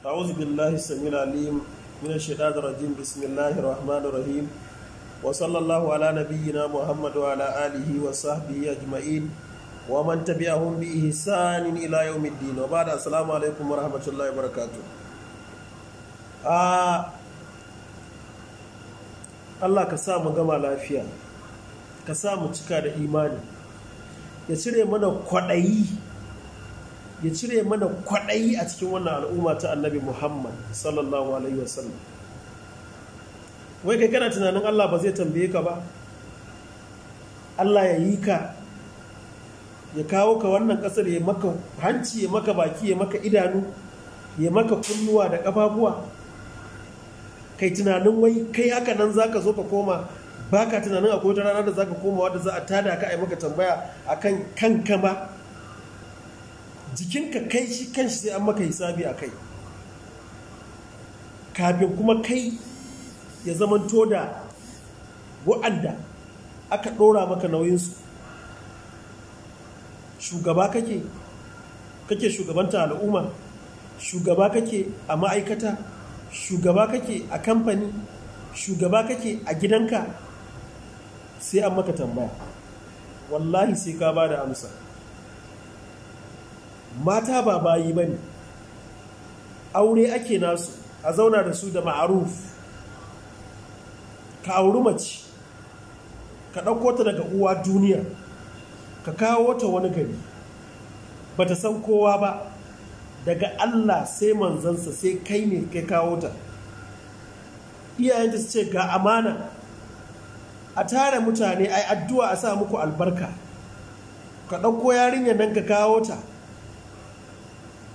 أعوذ بالله السميع العليم من الشيطان الرجيم بسم الله الرحمن الرحيم وصلى الله على نبينا محمد وعلى آله وصحبه أجمعين ومن تبعهم بإحسان إلى يوم الدين وبعد السلام عليكم ورحمة الله وبركاته آه الله كسام sa mu gama lafiya ka sa mu cika da ya cire mana kwaɗayi a cikin wannan al'umma ta annabi muhammad sallallahu alaihi wasallam wai kai kana tunanin allah ba zai tambaye ka ba allah ya yi ka ya kawo ka wannan ƙasar ya maka hanci ya maka baki ya maka idanu ya maka kunnuwa da ƙafafuwa kai tunanin wai kai haka nan za ka zo ka koma ba ka tunanin akwai wata rana da za ka koma wadda za a tada ka a yi maka tambaya a kan kanka ba jikinka kai shi kanshi sai an maka hisabi a kai kafin kuma kai ya zamanto da wa'anda aka ɗora maka nauyinsu shugaba kake kake shugabanta al'umma shugaba kake a ma'aikata shugaba kake a kamfani shugaba kake a gidanka sai an maka tambaya wallahi sai ka ba da amsa mata ba bayi ba ne aure ake nasu a zauna da su da ma'aruf ka auri mace ka ɗauko ta daga uwa duniya ka kawo ta wani gari ba ta san kowa ba daga allah sai manzansa sai kai ne kai kawo ta iyayenta su ce ga amana a tare mutane ai addu'a a sa muku albarka ka ɗauko yarinyar nan ka kawo ta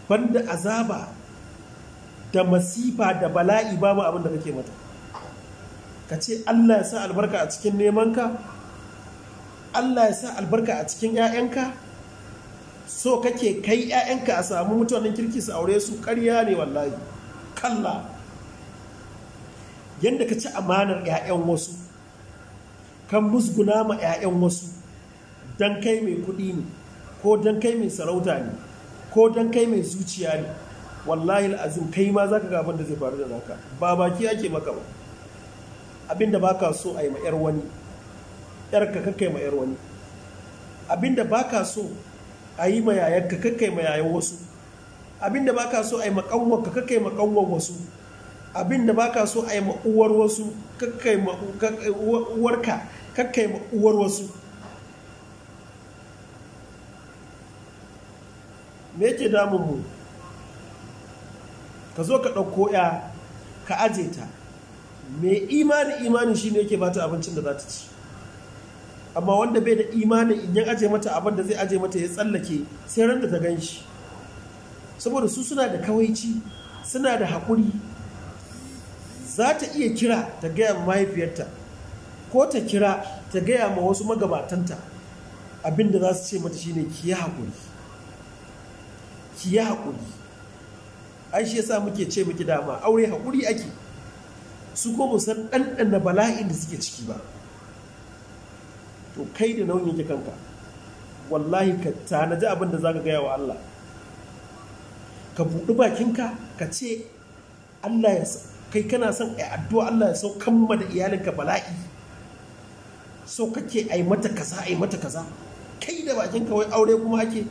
banda azaba da masifa da bala'i babu abin da kake mata ka ce allah ya sa albarka a cikin nemanka allah ya sa albarka a cikin 'ya'yanka so kake kai 'ya'yanka a samu mutanen kirki su aure su karya ne wallahi kalla yadda ka ci amanar 'ya'yan wasu kan musguna ma 'ya'yan wasu don kai mai kuɗi ne ko don kai mai sarauta ne ko don kai mai zuciya ne wallahi azim kai ma zaka ga abin da zai faru da naka ba baki ake maka ba abin da baka so a yi ma yar wani yar ka kakkai ma yar wani abin da baka so a yi ma yayar ka kakkai ma yayar wasu abin da baka so a yi ma kanwar ka kakkai ma kanwar wasu abin da baka so a yi ma uwar wasu kakkai ma ka kakkai ma uwar wasu me yake damun mu ka zo ka ɗauko ya ka aje ta Me imani imani shi ne yake bata abincin da za ta ci amma wanda bai da imani in yan aje mata abin da zai aje mata ya tsallake sai ran da ta gan shi saboda su suna da kawaici suna da haƙuri za ta iya kira ta gaya ma mahaifiyarta ko ta kira ta gaya ma wasu magabatanta abin da za su ce mata shi ne ki yi haƙuri ki yi haƙuri an shi yasa muke ce miki dama aure haƙuri ake su ko mu san ɗanɗana bala'in da suke ciki ba to kai da nauyin yake kanka wallahi ka tanaji abin da za ka gaya wa Allah ka buɗi bakinka ka ce Allah ya kai kana son a addu'a Allah ya kamma da iyalinka bala'i so kake ai mata kaza ai mata kaza kai da bakinka wai aure kuma ake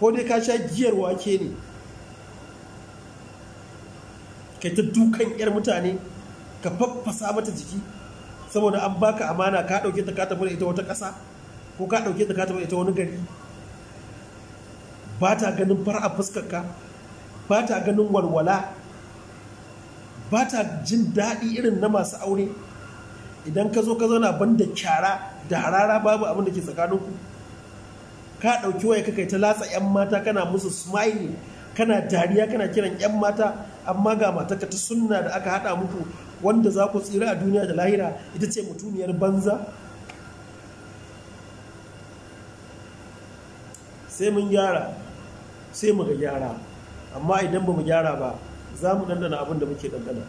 ko dai ka sha giyar wake ne ka ta dukan yar mutane ka faffasa mata jiki saboda an baka amana ka dauke ta ka tafi da ita wata ƙasa ko ka dauke ta ka tafi ita wani gari ba ta ganin fara fuskar ka ba ta ganin walwala ba ta jin daɗi irin na masu aure idan ka zo ka zauna ban da kyara da harara babu abin da ke tsakaninku ka ɗauki waya kai ta latsa 'yan mata kana musu smile kana dariya kana kiran 'yan mata amma ga mataka ta sunna da aka haɗa muku wanda za ku tsira a duniya da lahira ita ce mutuniyar banza sai mun gyara sai mu ga gyara amma idan ba mu gyara ba za mu ɗanɗana abin da muke ɗanɗana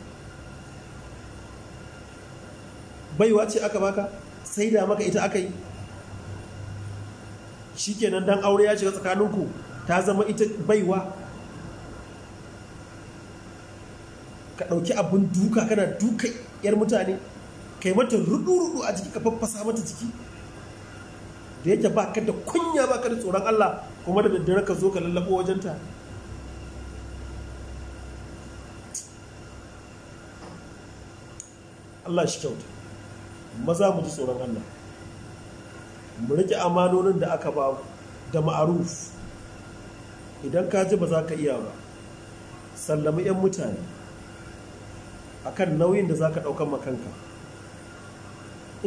baiwa ce aka baka sai da maka ita aka yi shi shikenan dan aure ya shiga tsakaninku ta zama ita baiwa ka ɗauki abin duka kana duka yar mutane kai mata rudu-rudu a jiki ka faffasa mata jiki da yake ba ka da kunya ba ka da tsoron Allah kuma da daddare ka zo ka lallabo wajenta Allah shi kyauta maza mu ji tsoron Allah mu rike amanonin da aka ba da ma'aruf idan ka ji ba za ka iya ba sallami 'yan mutane akan nauyin da za ka ɗaukan makanka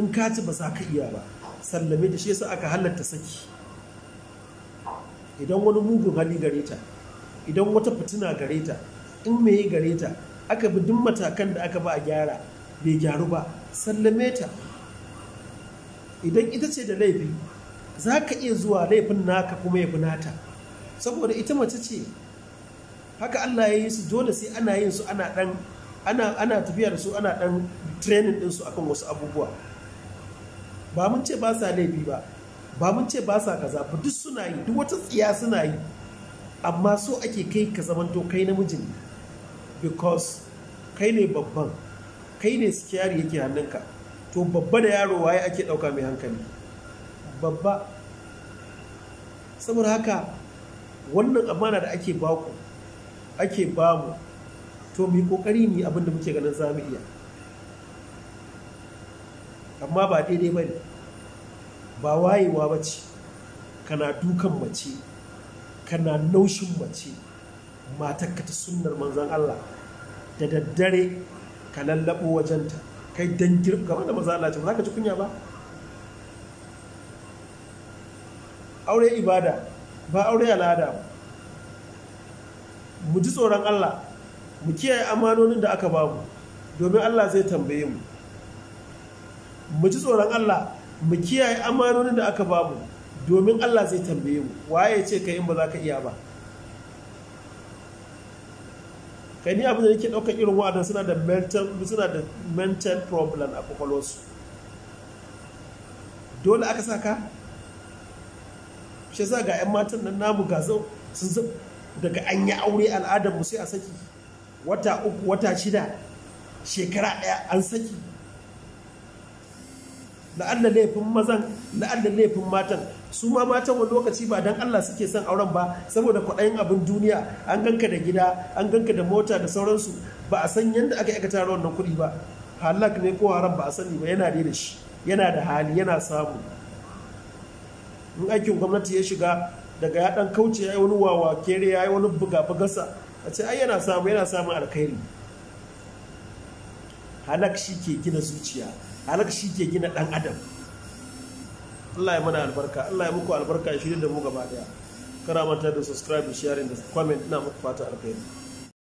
in ka ji ba za ka iya ba sallame da shi sa aka halatta saki idan wani mugun hali gare ta idan wata fitina gare ta in me yi gare ta aka bi duk matakan da aka ba a gyara bai gyaru ba sallame ta idan ita ce da laifi za ka iya zuwa laifin naka kuma ya fi nata saboda ita mace ce haka Allah ya yi su dole sai ana yin su ana dan ana tafiya da su ana dan training din su akan wasu abubuwa ba mun ce ba sa laifi ba ba mun ce ba sa kaza ba duk suna yi duk wata tsiya suna yi amma so ake kai ka zamanto kai namijin because kai ne babban kai ne sikiyari yake hannunka to babba da yaro waye ake ɗauka mai hankali babba saboda haka wannan amana da ake baku ake bamu to mu yi ƙoƙari ne abin da muke ganin zamu iya amma ba daidai ba ne ba wayewa ba ce kana dukan mace kana naushin mace matakata ta sunnar manzan Allah da daddare ka lallaɓo wajenta kai dan girma kamar da maza Allah ce ba za ka ci kunya ba aure ibada ba aure al'ada mu ji tsoron Allah mu kiyaye amanonin da aka ba mu domin Allah zai tambaye mu mu ji tsoron Allah mu kiyaye amanonin da aka ba mu domin Allah zai tambaye mu waye ce kai in ba za ka iya ba kai ni abin da yake ɗaukar irin wa'adan suna da mental suna da mental problem a kwakwalwarsu dole aka saka ka shi sa ga 'yan matan nan namu ga sun daga an yi aure al'adar mu sai a saki wata uku wata shida shekara ɗaya an saki la'alla laifin mazan la'alla laifin matan su ma matan wani lokaci ba don Allah suke son auren ba saboda kwaɗayin abin duniya an ganka da gida an ganka da mota da sauransu ba a san yadda aka aka tara wannan kuɗi ba halak ne ko haram ba a sani ba yana da shi yana da hali yana samu in aikin gwamnati ya shiga daga ya kauce ya yi wani wawa kere ya yi wani buga bugasa a ce ai yana samu yana samun alkhairi halak shi ke gina zuciya halak shi ke gina ɗan adam Allah ya mana albarka Allah ya muku albarka shi da mu gaba daya karamanta da subscribe sharing da comment ina muku fata alkhairi